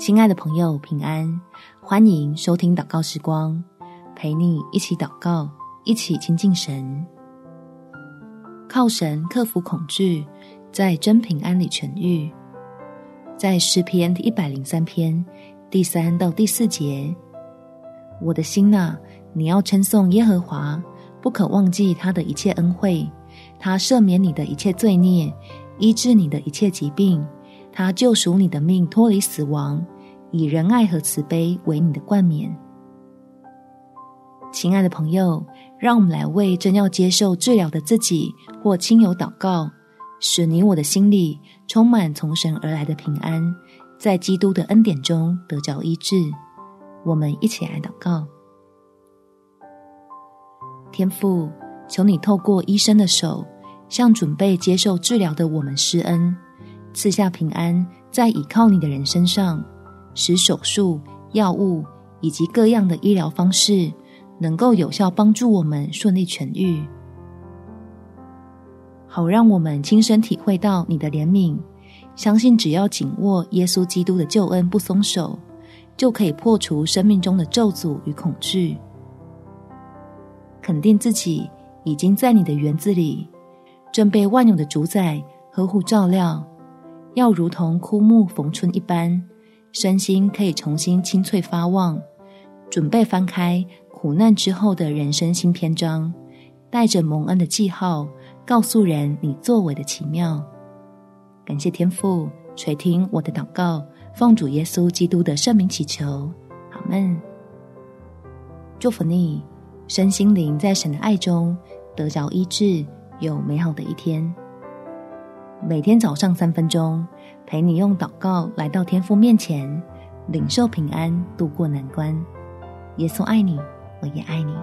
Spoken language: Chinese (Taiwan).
親愛的朋友，平安！歡迎收聽禱告時光，陪你一起禱告，一起親近神，靠神克服恐懼，在真平安裡痊癒。在詩篇一百零三篇第三到第四節，我的心哪，你要稱頌耶和華，不可忘記他的一切恩惠，他赦免你的一切罪孽，醫治你的一切疾病，他救贖你的命，脫離死亡。以仁愛和慈悲為你的冠冕，親愛的朋友，讓我們來為正要接受治療的自己或親友禱告，使你我的心裡充滿從神而來的平安，在基督的恩典中得着醫治。我們一起來禱告：天父，求你透過醫生的手，向準備接受治療的我們施恩，賜下平安在倚靠你的人身上。使手術、藥物以及各樣的醫療方式能夠有效幫助我們順利痊癒，好讓我們親身體會到你的憐憫，相信只要緊握耶穌基督的救恩不鬆手，就可以破除生命中的咒詛與恐懼。肯定自己已經在你的園子裡，正被萬有的主宰呵護照料，要如同枯木逢春一般。身心可以重新青翠發旺，準備翻開苦難之後的人生新篇章，帶着蒙恩的記號，告訴人你作為的奇妙。感謝天父垂聽我的禱告，奉主耶穌基督的聖名祈求，阿門。祝福你，身心靈在神的愛中得着醫治，有美好的一天。每天早上三分鐘。陪你用禱告來到天父面前，領受平安，渡過難關。耶穌愛你，我也愛你。